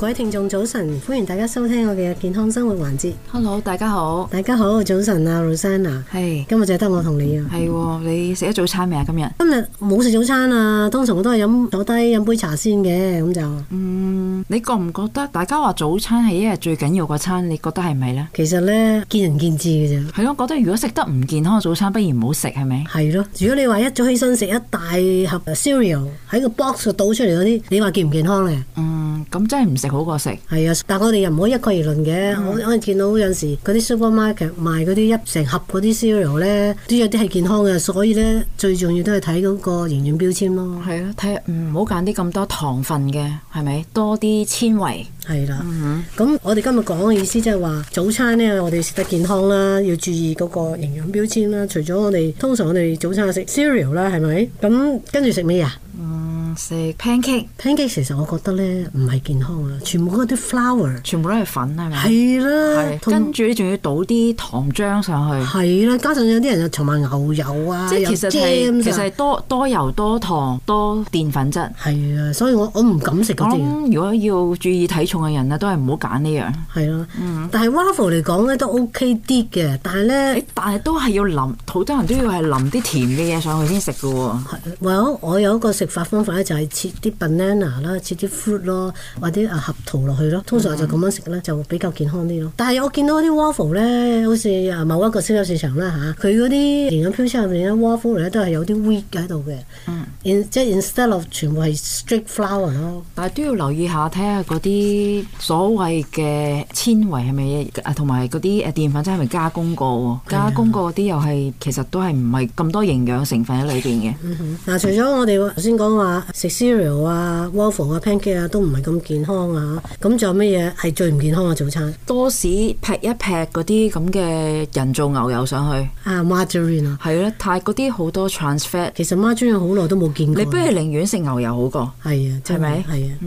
各位聽眾早晨，歡迎大家收聽我嘅健康生活環節。Hello，大家好，大家好，早晨啊，Rosanna n 係，今日就係得我同你啊。係，你食咗早餐未啊？今日今日冇食早餐啊，通常我都係飲坐低飲杯茶先嘅，咁就嗯，你覺唔覺得大家話早餐係一日最緊要個餐？你覺得係咪呢？其實呢，見仁見智嘅咋。係咯，我覺得如果食得唔健康嘅早餐，不如唔好食，係咪？係咯，如果你話一早起身食一大盒 Cereal 喺個 box 度倒出嚟嗰啲，你話健唔健康呢？嗯，咁真係唔食。嗯嗯嗯嗯嗯嗯嗯好過食係啊！但係我哋又唔可以一概而論嘅、嗯。我我見到有時嗰啲 supermarket 賣嗰啲一成盒嗰啲 cereal 咧，都有啲係健康嘅。所以咧，最重要都係睇嗰個營養標籤咯。係啊，睇下唔好揀啲咁多糖分嘅，係咪多啲纖維？係啦、啊。咁、嗯、我哋今日講嘅意思即係話，早餐呢，我哋食得健康啦，要注意嗰個營養標籤啦。除咗我哋通常我哋早餐食 cereal 啦，係咪？咁跟住食咩啊？嗯食 pancake，pancake 其實我覺得咧唔係健康啊，全部嗰啲 flour，全部都係粉係咪？係啦，係跟住你仲要倒啲糖漿上去。係啦，加上有啲人又同埋牛油啊，即係其實係、啊、其實係多多油多糖多澱粉質。係啊，所以我我唔敢食嗰啲。如果要注意體重嘅人啊，都係唔好揀呢樣。係咯、嗯，但係 waffle 嚟講咧都 OK 啲嘅，但係咧、欸，但係都係要淋好多人都要係淋啲甜嘅嘢上去先食嘅喎。係，我我有一個食法方法。就係、是、切啲 banana 啦，切啲 fruit 咯，或者啊核桃落去咯，通常就咁樣食咧，就比較健康啲咯。Mm -hmm. 但係我見到啲 waffle 咧，好似啊某一個鮮果市場啦嚇，佢嗰啲營養標籤入面咧 waffle 咧都係有啲 wheat 喺度嘅，mm -hmm. In, 即係 instead of 全部係 straight flour 咯。但係都要留意下，睇下嗰啲所謂嘅纖維係咪同埋嗰啲誒澱粉質係咪加工過喎？加工過嗰啲又係其實都係唔係咁多營養成分喺裏邊嘅。嗱、mm -hmm. 啊，除咗我哋頭先講話。食 cereal 啊、waffle 啊、pancake 啊，都唔係咁健康啊。咁仲有乜嘢係最唔健康嘅早餐？多士，劈一劈嗰啲咁嘅人造牛油上去啊，margarine 啊，係啊，太嗰啲好多 trans fat。其實 margarine 好耐都冇見過。你不如寧願食牛油好過。係啊，係咪？係啊。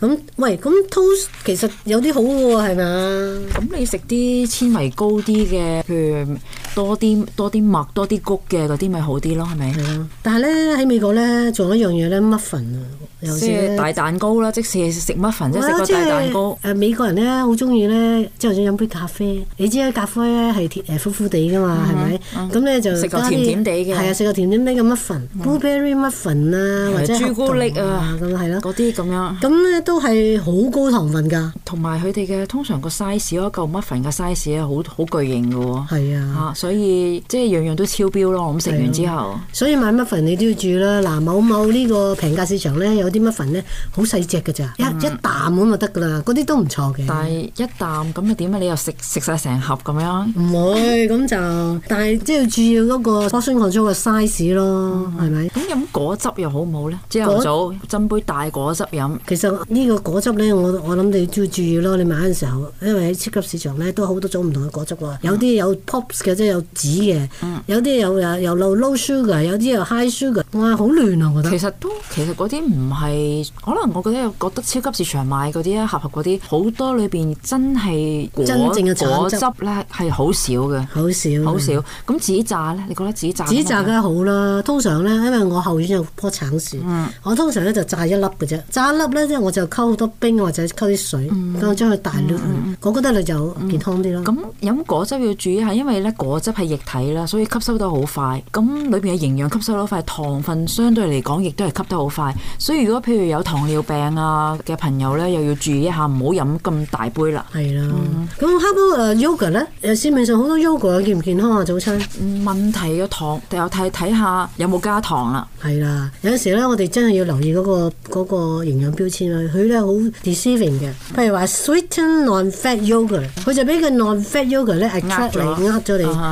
咁、嗯、喂，咁 toast 其實有啲好嘅喎，係咪啊？咁你食啲纖維高啲嘅，譬如。多啲多啲麥多啲谷嘅嗰啲咪好啲咯，係咪、啊？但係咧喺美國咧，仲有一樣嘢咧，muffin 啊，有大蛋糕啦，即使係食 muffin，即係食個大蛋糕。就是呃、美國人咧好中意咧，即係想飲杯咖啡。你知咖啡咧係誒苦苦地㗎嘛，係、嗯、咪？咁咧、嗯嗯、就食個甜甜地嘅。係、嗯、啊，食、嗯嗯、個甜點啲咁 muffin，blueberry muffin、嗯、muffin 啊，啊，或者朱古力啊，咁係咯。嗰啲咁樣。咁咧都係好高糖分㗎。同埋佢哋嘅通常個 size，個的 size 咯，嚿 muffin 嘅 size 好好巨型㗎喎。係啊。所以即係樣樣都超標咯，咁食完之後，所以買乜粉你都要注意啦。嗱，某某呢個平價市場咧，有啲乜粉咧，好細隻嘅咋，一一啖咁就得噶啦。嗰啲都唔錯嘅。但係一啖咁咪點啊？你又食食曬成盒咁樣？唔會咁就，但係即係要注意嗰個花生糖咗個 size 咯，係、嗯、咪、嗯？咁飲果汁又好唔好咧？朝頭早斟杯大果汁飲。其實呢個果汁咧，我我諗你都要注意咯。你買嘅時候，因為喺超級市場咧都好多種唔同嘅果汁喎，有啲有 pops 嘅即係。嗯有紫嘅、嗯，有啲有有有 low sugar，有啲又 high sugar，哇，好亂啊！我覺得。其實都其實嗰啲唔係，可能我覺得覺得超級市場買嗰啲盒盒嗰啲好多裏邊真係真正嘅果汁咧係好少嘅，好少好少。咁自己榨咧，你覺得自己榨？自己榨梗係好啦、啊。通常咧，因為我後院有棵橙樹，嗯、我通常咧就榨一粒嘅啫。榨一粒咧，即係我就溝好多冰或者溝啲水，咁將佢大略、嗯嗯，我覺得就健康啲咯。咁、嗯、飲、嗯、果汁要注意係因為咧果。質係液體啦，所以吸收得好快。咁裏邊嘅營養吸收得好快，糖分，相對嚟講亦都係吸得好快。所以如果譬如有糖尿病啊嘅朋友咧，又要注意一下，唔好飲咁大杯啦。係啦，咁 how about yogurt 咧，市面上好多 yogurt 健唔健康看看有有啊？早餐問題嘅糖，又睇睇下有冇加糖啦。係啦，有陣時咧，我哋真係要留意嗰個嗰個營養標籤啦。佢咧好 deceiving 嘅，譬如話 sweetened non-fat yogurt，佢就俾個 non-fat yogurt 咧，呃咗你，呃咗你。Uh-huh.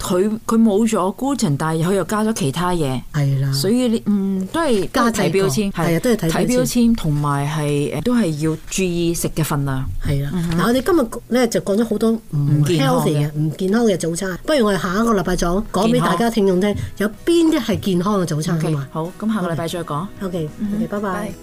佢佢冇咗菇菌，但係佢又加咗其他嘢，係啦。所以你嗯都係加睇標籤，係啊，都係睇標籤，同埋係誒，都係要注意食嘅份量。係啦。嗱、嗯，我哋今日咧就講咗好多唔健康嘅、唔健康嘅早餐。不如我哋下一個禮拜再講俾大家聽眾聽，有邊啲係健康嘅早餐？Okay, 好，好。好咁，下個禮拜再講。O K，拜拜。Okay, bye bye bye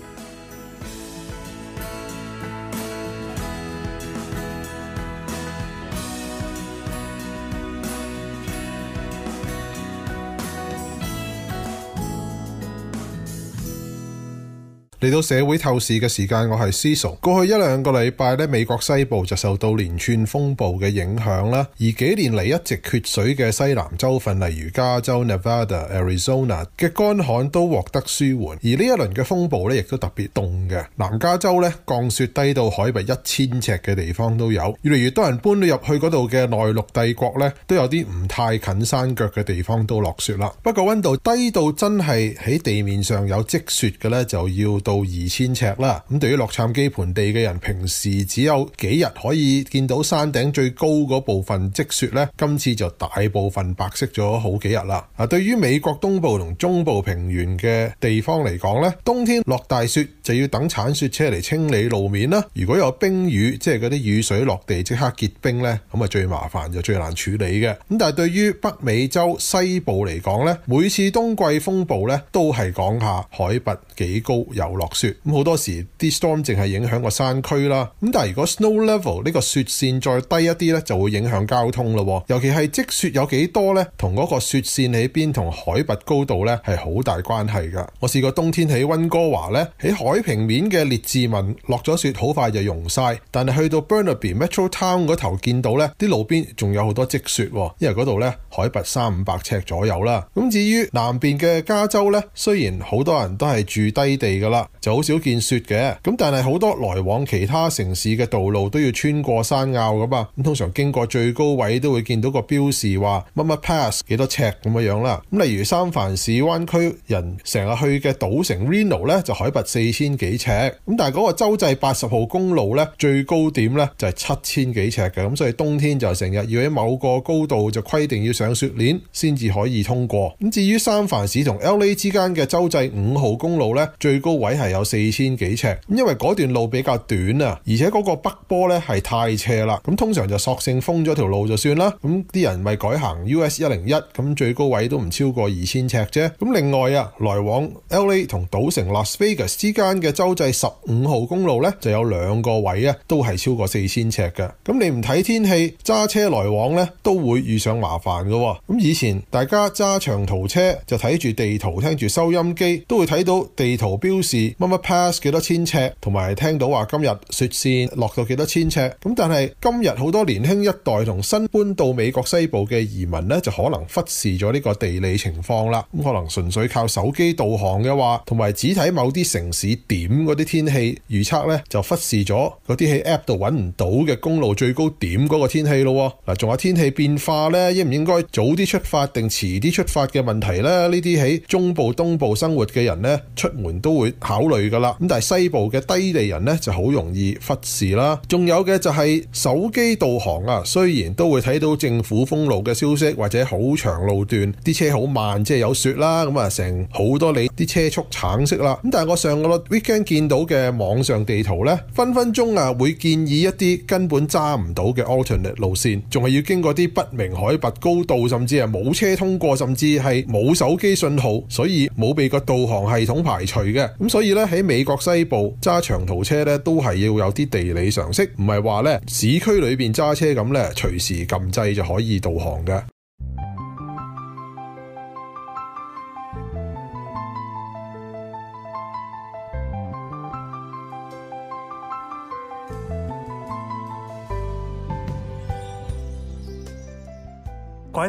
嚟到社會透視嘅時間，我係思熟。過去一兩個禮拜咧，美國西部就受到連串風暴嘅影響啦。而幾年嚟一直缺水嘅西南州份，例如加州、Nevada、Arizona 嘅乾旱都獲得舒緩。而呢一輪嘅風暴咧，亦都特別凍嘅。南加州咧，降雪低到海拔一千尺嘅地方都有。越嚟越多人搬到入去嗰度嘅內陸帝國咧，都有啲唔太近山腳嘅地方都落雪啦。不過溫度低到真係喺地面上有積雪嘅咧，就要到二千尺啦，咁、嗯、對於洛杉磯盆地嘅人，平時只有幾日可以見到山頂最高嗰部分積雪咧，今次就大部分白色咗好幾日啦。啊，對於美國東部同中部平原嘅地方嚟講咧，冬天落大雪就要等鏟雪車嚟清理路面啦。如果有冰雨，即係嗰啲雨水落地即刻結冰咧，咁啊最麻煩就最難處理嘅。咁、嗯、但係對於北美洲西部嚟講咧，每次冬季風暴咧都係講下海拔幾高有落落雪咁，好多時啲 storm 淨係影響個山區啦，咁但係如果 snow level 呢個雪線再低一啲咧，就會影響交通咯。尤其係積雪有幾多咧，同嗰個雪線喺邊同海拔高度咧係好大關係噶。我試過冬天喺溫哥華咧，喺海平面嘅列治文落咗雪好快就融晒，但係去到 Burnaby Metro Town 嗰頭見到咧，啲路邊仲有好多積雪，因為嗰度咧海拔三五百尺左右啦。咁至於南邊嘅加州咧，雖然好多人都係住低地噶啦。就好少見雪嘅，咁但係好多來往其他城市嘅道路都要穿過山坳㗎嘛。咁通常經過最高位都會見到個標示話乜乜 pass 幾多尺咁樣啦，咁例如三藩市灣區人成日去嘅賭城 Reno 咧就海拔四千幾尺，咁但係嗰個州際八十號公路咧最高點咧就係七千幾尺嘅，咁所以冬天就成日要喺某個高度就規定要上雪鏈先至可以通過。咁至於三藩市同 LA 之間嘅州際五號公路咧最高位。係有四千幾尺，因為嗰段路比較短啊，而且嗰個北坡咧係太斜啦，咁通常就索性封咗條路就算啦。咁啲人咪改行 U.S. 一零一，咁最高位都唔超過二千尺啫。咁另外啊，來往 L.A. 同賭城 Las Vegas 之間嘅州際十五號公路咧，就有兩個位啊，都係超過四千尺嘅。咁你唔睇天氣，揸車來往咧，都會遇上麻煩噶。咁以前大家揸長途車就睇住地圖，聽住收音機，都會睇到地圖標示。乜乜 pass 幾多千尺，同埋聽到話今日雪線落到幾多千尺，咁但係今日好多年輕一代同新搬到美國西部嘅移民呢，就可能忽視咗呢個地理情況啦。咁可能純粹靠手機導航嘅話，同埋只睇某啲城市點嗰啲天氣預測呢，就忽視咗嗰啲喺 App 度揾唔到嘅公路最高點嗰個天氣咯。嗱，仲有天氣變化呢，應唔應該早啲出發定遲啲出發嘅問題呢？呢啲喺中部、東部生活嘅人呢，出門都會考慮噶啦，咁但係西部嘅低地人呢，就好容易忽視啦。仲有嘅就係、是、手機導航啊，雖然都會睇到政府封路嘅消息，或者好長路段啲車好慢，即係有雪啦，咁啊成好多你啲車速橙色啦。咁、嗯、但係我上個 weekend 見到嘅網上地圖呢，分分鐘啊會建議一啲根本揸唔到嘅 alternate 路線，仲係要經過啲不明海拔高度，甚至係冇車通過，甚至係冇手機信號，所以冇被個導航系統排除嘅。咁、嗯、所以。而喺美國西部揸長途車咧，都係要有啲地理常識，唔係話咧市區裏邊揸車咁咧，隨時撳掣就可以導航嘅。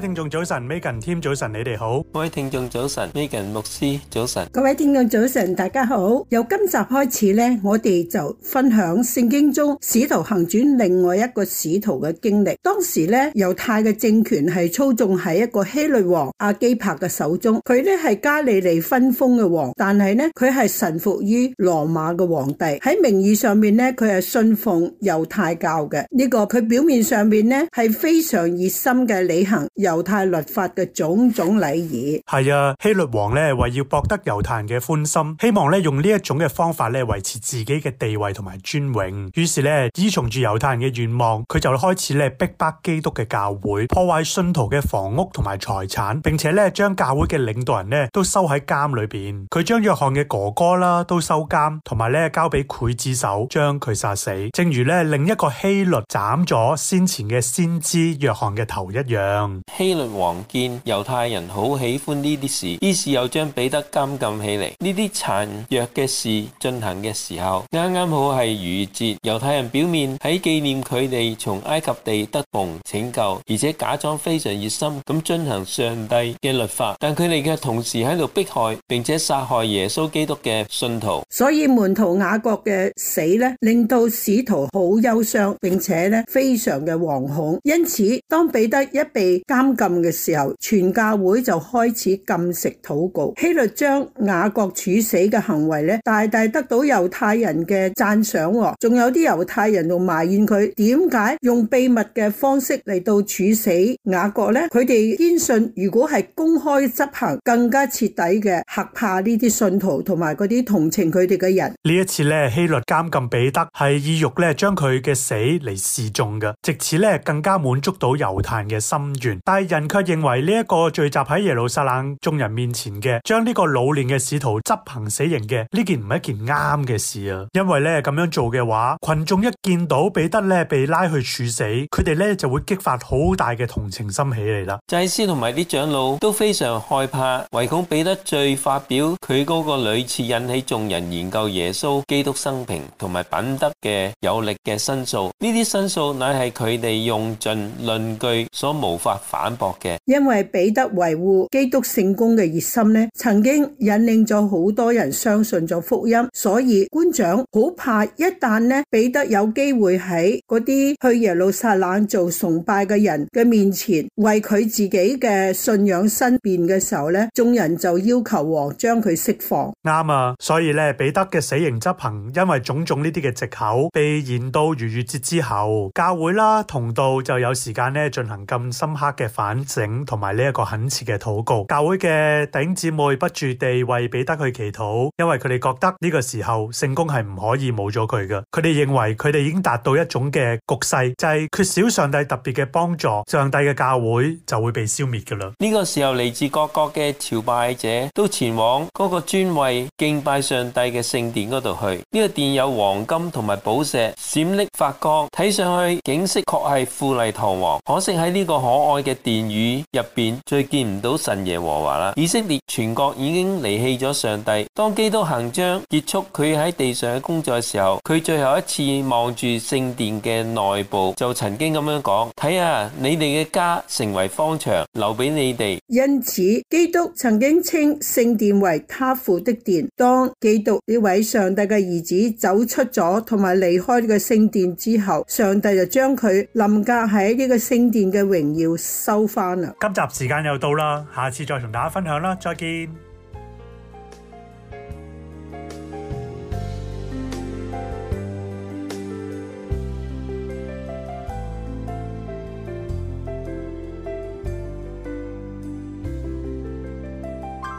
聽眾早晨，Megan Team 早晨，你哋好。各位聽眾早晨，Megan 牧師早晨。各位聽眾早晨，大家好。由今集開始咧，我哋就分享聖經中使徒行傳另外一個使徒嘅經歷。當時咧，猶太嘅政權係操縱喺一個希律王阿基帕嘅手中。佢咧係加利利分封嘅王，但係咧佢係臣服於羅馬嘅皇帝。喺名義上面咧，佢係信奉猶太教嘅。呢、這個佢表面上面咧係非常熱心嘅履行。猶太律法嘅種種禮儀係啊，希律王咧為要博得猶太人嘅歡心，希望咧用呢一種嘅方法咧維持自己嘅地位同埋尊榮。於是咧，依從住猶太人嘅願望，佢就開始咧逼迫基督嘅教會，破壞信徒嘅房屋同埋財產，並且咧將教會嘅領導人呢，都收喺監裏邊。佢將約翰嘅哥哥啦都收監，同埋咧交俾劊子手將佢殺死，正如咧另一個希律斬咗先前嘅先知約翰嘅頭一樣。希律王見猶太人好喜歡呢啲事，於是又將彼得監禁起嚟。呢啲殘虐嘅事進行嘅時候，啱啱好係逾越節。猶太人表面喺紀念佢哋從埃及地得逢拯救，而且假裝非常熱心咁進行上帝嘅律法，但佢哋卻同時喺度迫害並且殺害耶穌基督嘅信徒。所以門徒雅各嘅死咧，令到使徒好憂傷，並且咧非常嘅惶恐。因此當彼得一被監監禁嘅時候，全教會就開始禁食禱告。希律將雅各處死嘅行為咧，大大得到猶太人嘅讚賞，仲有啲猶太人仲埋怨佢點解用秘密嘅方式嚟到處死雅各呢？佢哋堅信如果係公開執行，更加徹底嘅嚇怕呢啲信徒同埋嗰啲同情佢哋嘅人。呢一次咧，希律監禁彼得，係意欲咧將佢嘅死嚟示眾嘅，借此咧更加滿足到猶太人嘅心願。但係人卻認為呢一個聚集喺耶路撒冷眾人面前嘅，將呢個老年嘅使徒執行死刑嘅呢件唔係一件啱嘅事啊！因為咧咁樣做嘅話，群眾一見到彼得咧被拉去處死，佢哋咧就會激發好大嘅同情心起嚟啦。祭司同埋啲長老都非常害怕，唯恐彼得再發表佢嗰個屢次引起眾人研究耶穌基督生平同埋品德嘅有力嘅申訴，呢啲申訴乃係佢哋用盡論據所無法反反駁嘅，因為彼得維護基督聖工嘅熱心咧曾經引領咗好多人相信咗福音，所以官長好怕一旦咧彼得有機會喺嗰啲去耶路撒冷做崇拜嘅人嘅面前為佢自己嘅信仰申辯嘅時候咧，眾人就要求王將佢釋放。啱啊，所以呢彼得嘅死刑執行，因為種種呢啲嘅借口，被延到逾越節之後，教會啦同道就有時間咧進行咁深刻嘅。反省同埋呢一個懇切嘅禱告，教會嘅弟兄姊妹不住地為彼得佢祈禱，因為佢哋覺得呢個時候聖工係唔可以冇咗佢嘅。佢哋認為佢哋已經達到一種嘅局勢，就係、是、缺少上帝特別嘅幫助，上帝嘅教會就會被消滅嘅啦。呢、這個時候嚟自各國嘅朝拜者都前往嗰個專位敬拜上帝嘅聖殿嗰度去。呢、這個殿有黃金同埋寶石，閃爍發光，睇上去景色確係富麗堂皇。可惜喺呢個可愛嘅殿宇入邊再見唔到神耶和華啦！以色列全國已經離棄咗上帝。當基督行將結束，佢喺地上工作嘅時候，佢最後一次望住聖殿嘅內部，就曾經咁樣講：睇下你哋嘅家成為方場，留俾你哋。因此，基督曾經稱聖殿為他父的殿。當基督呢位上帝嘅兒子走出咗，同埋離開呢個聖殿之後，上帝就將佢臨格喺呢個聖殿嘅榮耀。收翻啦！今集時間又到啦，下次再同大家分享啦，再見。